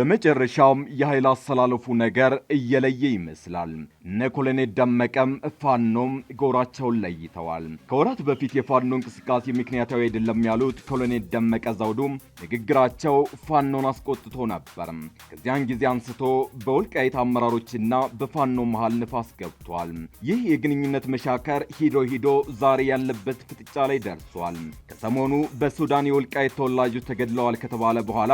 በመጨረሻም የኃይል አሰላለፉ ነገር እየለየ ይመስላል። እነ ኮሎኔል ደመቀም ፋኖም ጎራቸውን ለይተዋል። ከወራት በፊት የፋኖ እንቅስቃሴ ምክንያታዊ አይደለም ያሉት ኮሎኔል ደመቀ ዘውዱ ንግግራቸው ፋኖን አስቆጥቶ ነበር። ከዚያን ጊዜ አንስቶ በወልቃይት አመራሮችና በፋኖ መሃል ንፋስ ገብቷል። ይህ የግንኙነት መሻከር ሂዶ ሂዶ ዛሬ ያለበት ፍጥጫ ላይ ደርሷል። ከሰሞኑ በሱዳን የወልቃይት ተወላጆች ተገድለዋል ከተባለ በኋላ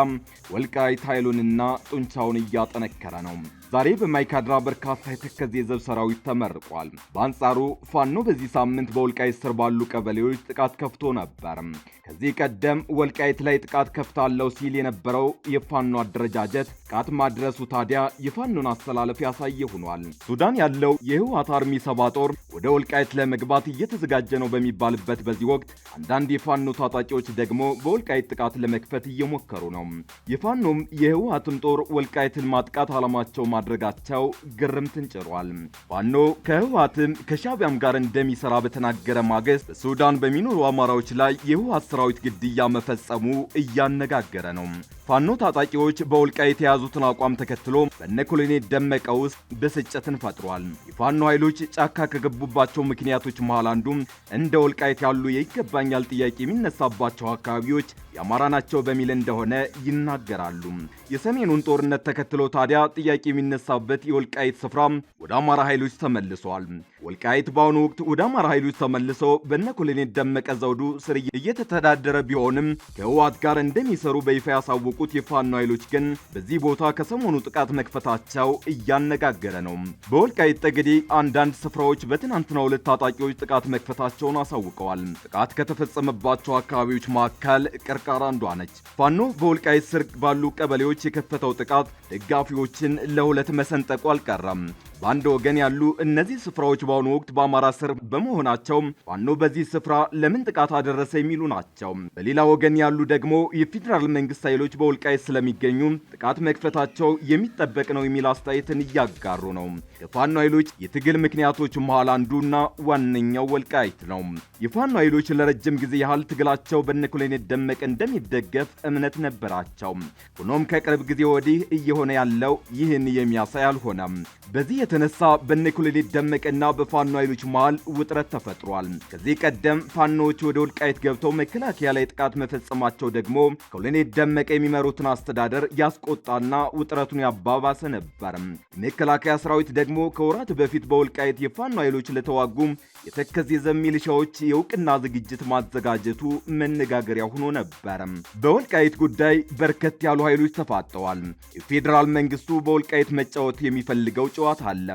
ወልቃይት ኃይሉንና እና ጡንቻውን እያጠነከረ ነው። ዛሬ በማይካድራ በርካታ የተከዜ የዘብ ሰራዊት ተመርቋል። በአንጻሩ ፋኖ በዚህ ሳምንት በወልቃይት ስር ባሉ ቀበሌዎች ጥቃት ከፍቶ ነበር። ከዚህ ቀደም ወልቃይት ላይ ጥቃት ከፍታለው ሲል የነበረው የፋኖ አደረጃጀት ጥቃት ማድረሱ ታዲያ የፋኖን አስተላለፍ ያሳየ ሆኗል። ሱዳን ያለው የህወሓት አርሚ ሰባ ጦር ወደ ወልቃይት ለመግባት እየተዘጋጀ ነው በሚባልበት በዚህ ወቅት አንዳንድ የፋኖ ታጣቂዎች ደግሞ በወልቃይት ጥቃት ለመክፈት እየሞከሩ ነው። የፋኖም የህወሓትም ጦር ወልቃይትን ማጥቃት ማ። ማድረጋቸው ግርምትን ጭሯል። ፋኖ ከህወሓትም ከሻቢያም ጋር እንደሚሰራ በተናገረ ማግስት በሱዳን በሚኖሩ አማራዎች ላይ የህወሓት ሰራዊት ግድያ መፈጸሙ እያነጋገረ ነው። ፋኖ ታጣቂዎች በወልቃይት የያዙትን አቋም ተከትሎ በነ ኮሎኔል ደመቀ ውስጥ ብስጭትን ፈጥሯል። የፋኖ ኃይሎች ጫካ ከገቡባቸው ምክንያቶች መሃል አንዱ እንደ ወልቃይት ያሉ የይገባኛል ጥያቄ የሚነሳባቸው አካባቢዎች የአማራ ናቸው በሚል እንደሆነ ይናገራሉ። የሰሜኑን ጦርነት ተከትሎ ታዲያ ጥያቄ የሚነሳበት የወልቃይት ስፍራ ወደ አማራ ኃይሎች ተመልሷል። ወልቃይት በአሁኑ ወቅት ወደ አማራ ኃይሎች ተመልሶ በነ ኮሎኔል ደመቀ ዘውዱ ስር እየተተዳደረ ቢሆንም ከህወሓት ጋር እንደሚሰሩ በይፋ ያሳወቁ የሚታወቁት የፋኖ ኃይሎች ግን በዚህ ቦታ ከሰሞኑ ጥቃት መክፈታቸው እያነጋገረ ነው። በወልቃይት ጠገዴ አንዳንድ ስፍራዎች በትናንትናው ዕለት ታጣቂዎች ጥቃት መክፈታቸውን አሳውቀዋል። ጥቃት ከተፈጸመባቸው አካባቢዎች መካከል ቅርቃራ አንዷ ነች። ፋኖ በወልቃይት ስር ባሉ ቀበሌዎች የከፈተው ጥቃት ደጋፊዎችን ለሁለት መሰንጠቁ አልቀረም። በአንድ ወገን ያሉ እነዚህ ስፍራዎች በአሁኑ ወቅት በአማራ ስር በመሆናቸው ፋኖ በዚህ ስፍራ ለምን ጥቃት አደረሰ የሚሉ ናቸው። በሌላ ወገን ያሉ ደግሞ የፌዴራል መንግስት ኃይሎች በወልቃይት ስለሚገኙ ጥቃት መክፈታቸው የሚጠበቅ ነው የሚል አስተያየትን እያጋሩ ነው። የፋኖ ኃይሎች የትግል ምክንያቶች መሃል አንዱና ዋነኛው ወልቃይት ነው። የፋኖ ኃይሎች ለረጅም ጊዜ ያህል ትግላቸው በነኮሎኔል ደመቀ እንደሚደገፍ እምነት ነበራቸው። ሆኖም ከቅርብ ጊዜ ወዲህ እየሆነ ያለው ይህን የሚያሳይ አልሆነም። በዚህ የተነሳ በነኮሎኔል ደመቀና በፋኖ ኃይሎች መሃል ውጥረት ተፈጥሯል። ከዚህ ቀደም ፋኖዎች ወደ ወልቃይት ገብተው መከላከያ ላይ ጥቃት መፈጸማቸው ደግሞ ኮሎኔል ደመቀ የሚመሩትን አስተዳደር ያስቆጣና ውጥረቱን ያባባሰ ነበር። የመከላከያ ሰራዊት ደግሞ ከወራት በፊት በወልቃይት የፋኖ ኃይሎች ለተዋጉ የተከዜ ዘብ ሚሊሻዎች የእውቅና ዝግጅት ማዘጋጀቱ መነጋገሪያ ሆኖ ነበር። በወልቃይት ጉዳይ በርከት ያሉ ኃይሎች ተፋጠዋል። የፌዴራል መንግስቱ በወልቃይት መጫወት የሚፈልገው ጨዋታ አለ።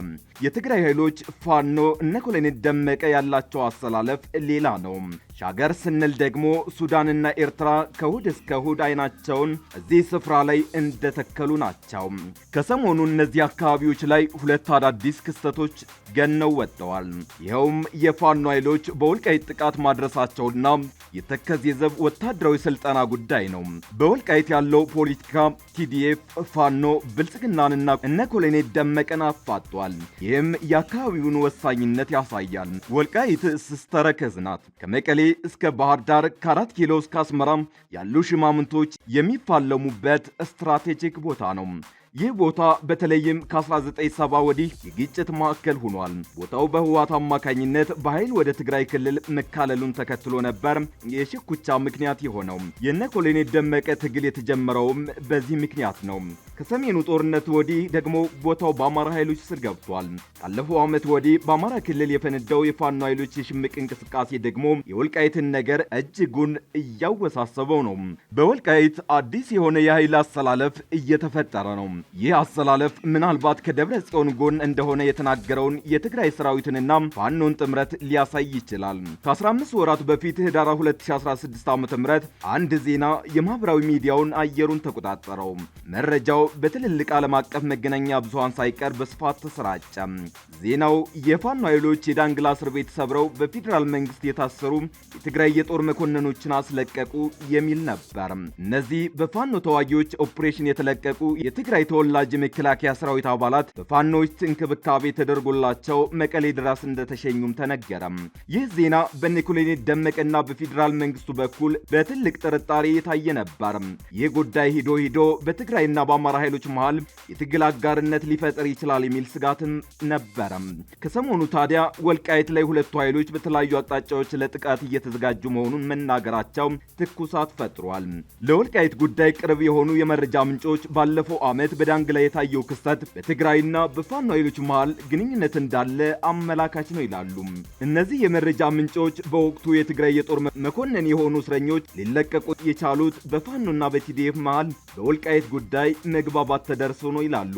የትግራይ ኃይሎች ፋኖ እነ ኮሎኔል ደመቀ ያላቸው አሰላለፍ ሌላ ነው። ሻገር ስንል ደግሞ ሱዳንና ኤርትራ ከእሁድ እስከ እሁድ አይናቸውን እዚህ ስፍራ ላይ እንደተከሉ ናቸው። ከሰሞኑ እነዚህ አካባቢዎች ላይ ሁለት አዳዲስ ክስተቶች ገነው ወጥተዋል። ይኸውም የፋኖ ኃይሎች በወልቃይት ጥቃት ማድረሳቸውና የተከዜ ዘብ ወታደራዊ ስልጠና ጉዳይ ነው። በወልቃይት ያለው ፖለቲካ ቲዲኤፍ፣ ፋኖ ብልጽግናንና እነ ኮሎኔል ደመቀን አፋጠ ተሰጥቷል። ይህም የአካባቢውን ወሳኝነት ያሳያል። ወልቃይት ስስተረከዝ ተረከዝ ናት። ከመቀሌ እስከ ባህር ዳር ከአራት ኪሎ እስከ አስመራም ያሉ ሽማምንቶች የሚፋለሙበት ስትራቴጂክ ቦታ ነው። ይህ ቦታ በተለይም ከ1970 ወዲህ የግጭት ማዕከል ሆኗል። ቦታው በህወሓት አማካኝነት በኃይል ወደ ትግራይ ክልል መካለሉን ተከትሎ ነበር የሽኩቻ ምክንያት የሆነው። የነ ኮሎኔል ደመቀ ትግል የተጀመረውም በዚህ ምክንያት ነው። ከሰሜኑ ጦርነት ወዲህ ደግሞ ቦታው በአማራ ኃይሎች ስር ገብቷል። ካለፈው ዓመት ወዲህ በአማራ ክልል የፈነዳው የፋኖ ኃይሎች የሽምቅ እንቅስቃሴ ደግሞ የወልቃይትን ነገር እጅጉን እያወሳሰበው ነው። በወልቃይት አዲስ የሆነ የኃይል አሰላለፍ እየተፈጠረ ነው። ይህ አሰላለፍ ምናልባት ከደብረ ጽዮን ጎን እንደሆነ የተናገረውን የትግራይ ሰራዊትንና ፋኖን ጥምረት ሊያሳይ ይችላል። ከ15 ወራት በፊት ህዳር 2016 ዓ ም አንድ ዜና የማኅበራዊ ሚዲያውን አየሩን ተቆጣጠረው። መረጃው በትልልቅ ዓለም አቀፍ መገናኛ ብዙሃን ሳይቀር በስፋት ተሰራጨ። ዜናው የፋኖ ኃይሎች የዳንግላ እስር ቤት ሰብረው በፌዴራል መንግስት የታሰሩ የትግራይ የጦር መኮንኖችን አስለቀቁ የሚል ነበር። እነዚህ በፋኖ ተዋጊዎች ኦፕሬሽን የተለቀቁ የትግራይ ተወላጅ የመከላከያ ሰራዊት አባላት በፋኖች እንክብካቤ ተደርጎላቸው መቀሌ ድረስ እንደተሸኙም ተነገረም። ይህ ዜና በኮሎኔል ደመቀና በፌዴራል መንግስቱ በኩል በትልቅ ጥርጣሬ የታየ ነበር። ይህ ጉዳይ ሂዶ ሂዶ በትግራይና በአማራ ኃይሎች መሃል የትግል አጋርነት ሊፈጥር ይችላል የሚል ስጋትም ነበረ። ከሰሞኑ ታዲያ ወልቃይት ላይ ሁለቱ ኃይሎች በተለያዩ አቅጣጫዎች ለጥቃት እየተዘጋጁ መሆኑን መናገራቸው ትኩሳት ፈጥሯል። ለወልቃይት ጉዳይ ቅርብ የሆኑ የመረጃ ምንጮች ባለፈው ዓመት በዳንግ ላይ የታየው ክስተት በትግራይና በፋኖ ኃይሎች መሃል ግንኙነት እንዳለ አመላካች ነው ይላሉ። እነዚህ የመረጃ ምንጮች በወቅቱ የትግራይ የጦር መኮንን የሆኑ እስረኞች ሊለቀቁ የቻሉት በፋኖና በቲዲኤፍ መሃል በወልቃየት ጉዳይ መግባባት ተደርሶ ነው ይላሉ።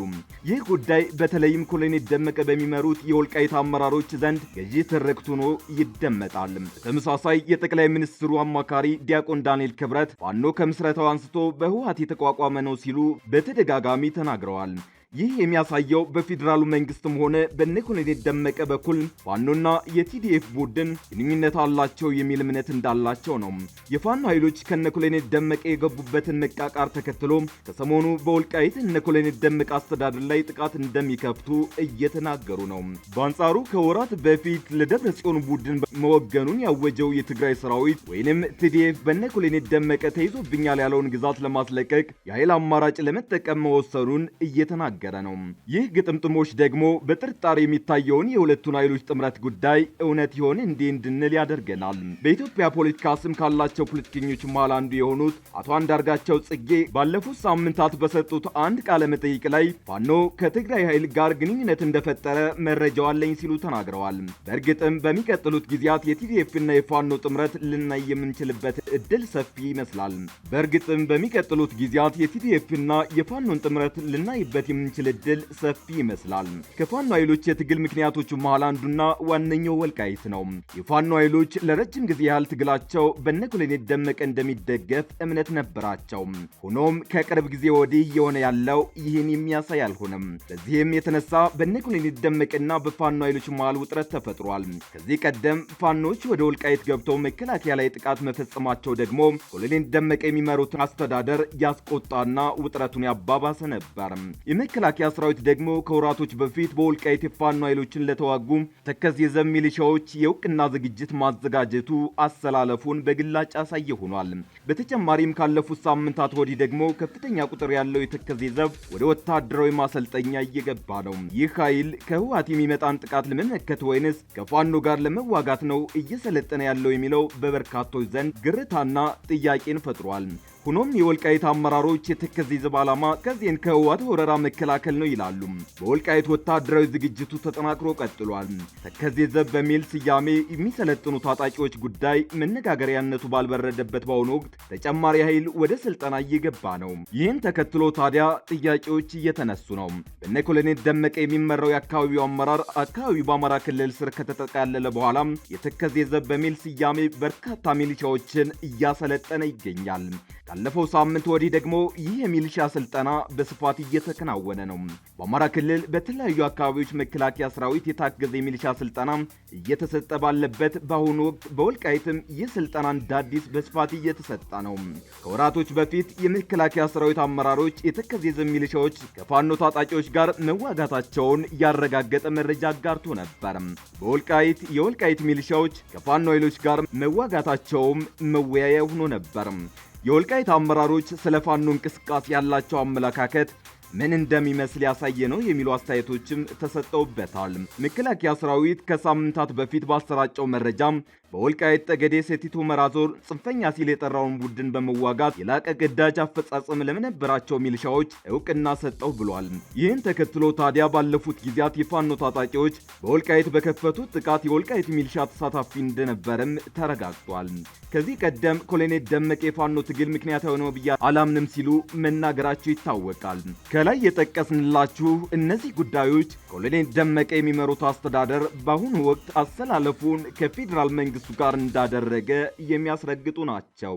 ይህ ጉዳይ በተለይም ኮሎኔል ደመቀ በሚመሩት የወልቃይት አመራሮች ዘንድ ገዢ ትርክት ሆኖ ይደመጣል። በተመሳሳይ የጠቅላይ ሚኒስትሩ አማካሪ ዲያቆን ዳንኤል ክብረት ፋኖ ከምስረታው አንስቶ በህወሀት የተቋቋመ ነው ሲሉ በተደጋጋሚ ተናግረዋል። ይህ የሚያሳየው በፌዴራሉ መንግስትም ሆነ በኮሎኔል ደመቀ በኩል ፋኖና የቲዲኤፍ ቡድን ግንኙነት አላቸው የሚል እምነት እንዳላቸው ነው። የፋኖ ኃይሎች ከነኮሎኔል ደመቀ የገቡበትን መቃቃር ተከትሎ ከሰሞኑ በወልቃይት እነኮሎኔል ደመቀ አስተዳደር ላይ ጥቃት እንደሚከፍቱ እየተናገሩ ነው። በአንጻሩ ከወራት በፊት ለደብረ ጽዮን ቡድን መወገኑን ያወጀው የትግራይ ሰራዊት ወይንም ቲዲኤፍ በነኮሎኔል ደመቀ ተይዞብኛል ያለውን ግዛት ለማስለቀቅ የኃይል አማራጭ ለመጠቀም መወሰኑን እየተናገሩ እየተናገረ ነው። ይህ ግጥምጥሞች ደግሞ በጥርጣሬ የሚታየውን የሁለቱን ኃይሎች ጥምረት ጉዳይ እውነት ይሆን እንዲህ እንድንል ያደርገናል። በኢትዮጵያ ፖለቲካ ስም ካላቸው ፖለቲከኞች መሃል አንዱ የሆኑት አቶ አንዳርጋቸው ጽጌ ባለፉት ሳምንታት በሰጡት አንድ ቃለ መጠይቅ ላይ ፋኖ ከትግራይ ኃይል ጋር ግንኙነት እንደፈጠረ መረጃው አለኝ ሲሉ ተናግረዋል። በእርግጥም በሚቀጥሉት ጊዜያት የቲዲኤፍና የፋኖ ጥምረት ልናይ የምንችልበት እድል ሰፊ ይመስላል። በእርግጥም በሚቀጥሉት ጊዜያት የቲዲኤፍና የፋኖን ጥምረት ልናይበት የምንችል የሚችል እድል ሰፊ ይመስላል። ከፋኖ ኃይሎች የትግል ምክንያቶቹ መሃል አንዱና ዋነኛው ወልቃይት ነው። የፋኖ ኃይሎች ለረጅም ጊዜ ያህል ትግላቸው በነ ኮሎኔል ደመቀ እንደሚደገፍ እምነት ነበራቸው። ሆኖም ከቅርብ ጊዜ ወዲህ እየሆነ ያለው ይህን የሚያሳይ አልሆነም። በዚህም የተነሳ በነ ኮሎኔል ደመቀና በፋኖ ኃይሎች መሃል ውጥረት ተፈጥሯል። ከዚህ ቀደም ፋኖች ወደ ወልቃይት ገብተው መከላከያ ላይ ጥቃት መፈጸማቸው ደግሞ ኮሎኔል ደመቀ የሚመሩትን አስተዳደር ያስቆጣና ውጥረቱን ያባባሰ ነበር። የመከላከያ ሰራዊት ደግሞ ከወራቶች በፊት በወልቃይት የፋኖ ኃይሎችን ለተዋጉ ተከዜ ዘብ ሚሊሻዎች የእውቅና ዝግጅት ማዘጋጀቱ አሰላለፉን በግላጭ ያሳየ ሆኗል። በተጨማሪም ካለፉት ሳምንታት ወዲህ ደግሞ ከፍተኛ ቁጥር ያለው የተከዜ ዘብ ወደ ወታደራዊ ማሰልጠኛ እየገባ ነው። ይህ ኃይል ከህወሓት የሚመጣን ጥቃት ለመመከት ወይንስ ከፋኖ ጋር ለመዋጋት ነው እየሰለጠነ ያለው የሚለው በበርካቶች ዘንድ ግርታና ጥያቄን ፈጥሯል። ሆኖም የወልቃይት አመራሮች የተከዜ ዘብ ዓላማ ከዚህን ከህወሓት ወረራ መከላከል ነው ይላሉ። በወልቃይት ወታደራዊ ዝግጅቱ ተጠናክሮ ቀጥሏል። ተከዜ ዘብ በሚል ስያሜ የሚሰለጥኑ ታጣቂዎች ጉዳይ መነጋገሪያነቱ ባልበረደበት በአሁኑ ወቅት ተጨማሪ ኃይል ወደ ስልጠና እየገባ ነው። ይህን ተከትሎ ታዲያ ጥያቄዎች እየተነሱ ነው። በነ ኮሎኔል ደመቀ የሚመራው የአካባቢው አመራር አካባቢው በአማራ ክልል ስር ከተጠቃለለ በኋላ የተከዜ ዘብ በሚል ስያሜ በርካታ ሚሊሻዎችን እያሰለጠነ ይገኛል። ካለፈው ሳምንት ወዲህ ደግሞ ይህ የሚሊሻ ስልጠና በስፋት እየተከናወነ ነው። በአማራ ክልል በተለያዩ አካባቢዎች መከላከያ ሰራዊት የታገዘ የሚሊሻ ስልጠና እየተሰጠ ባለበት በአሁኑ ወቅት በወልቃይትም ይህ ስልጠና እንደ አዲስ በስፋት እየተሰጠ ነው። ከወራቶች በፊት የመከላከያ ሰራዊት አመራሮች የተከዜዘ ሚሊሻዎች ከፋኖ ታጣቂዎች ጋር መዋጋታቸውን ያረጋገጠ መረጃ አጋርቶ ነበር። በወልቃይት የወልቃይት ሚሊሻዎች ከፋኖ ኃይሎች ጋር መዋጋታቸውም መወያያ ሆኖ ነበር። የወልቃይት አመራሮች ስለ ፋኖ እንቅስቃሴ ያላቸው አመለካከት ምን እንደሚመስል ያሳየ ነው የሚሉ አስተያየቶችም ተሰጠውበታል። መከላከያ ሰራዊት ከሳምንታት በፊት ባሰራጨው መረጃም በወልቃይት ጠገዴ ሴቲት ሁመራ ዞን ጽንፈኛ ሲል የጠራውን ቡድን በመዋጋት የላቀ ግዳጅ አፈጻጸም ለምነበራቸው ሚልሻዎች እውቅና ሰጠው ብሏል። ይህን ተከትሎ ታዲያ ባለፉት ጊዜያት የፋኖ ታጣቂዎች በወልቃይት በከፈቱት ጥቃት የወልቃይት ሚልሻ ተሳታፊ እንደነበረም ተረጋግጧል። ከዚህ ቀደም ኮሎኔል ደመቀ የፋኖ ትግል ምክንያታዊ ነው ብዬ አላምንም ሲሉ መናገራቸው ይታወቃል። ከላይ የጠቀስንላችሁ እነዚህ ጉዳዮች ኮሎኔል ደመቀ የሚመሩት አስተዳደር በአሁኑ ወቅት አሰላለፉን ከፌዴራል መንግስት ከእርሱ ጋር እንዳደረገ የሚያስረግጡ ናቸው።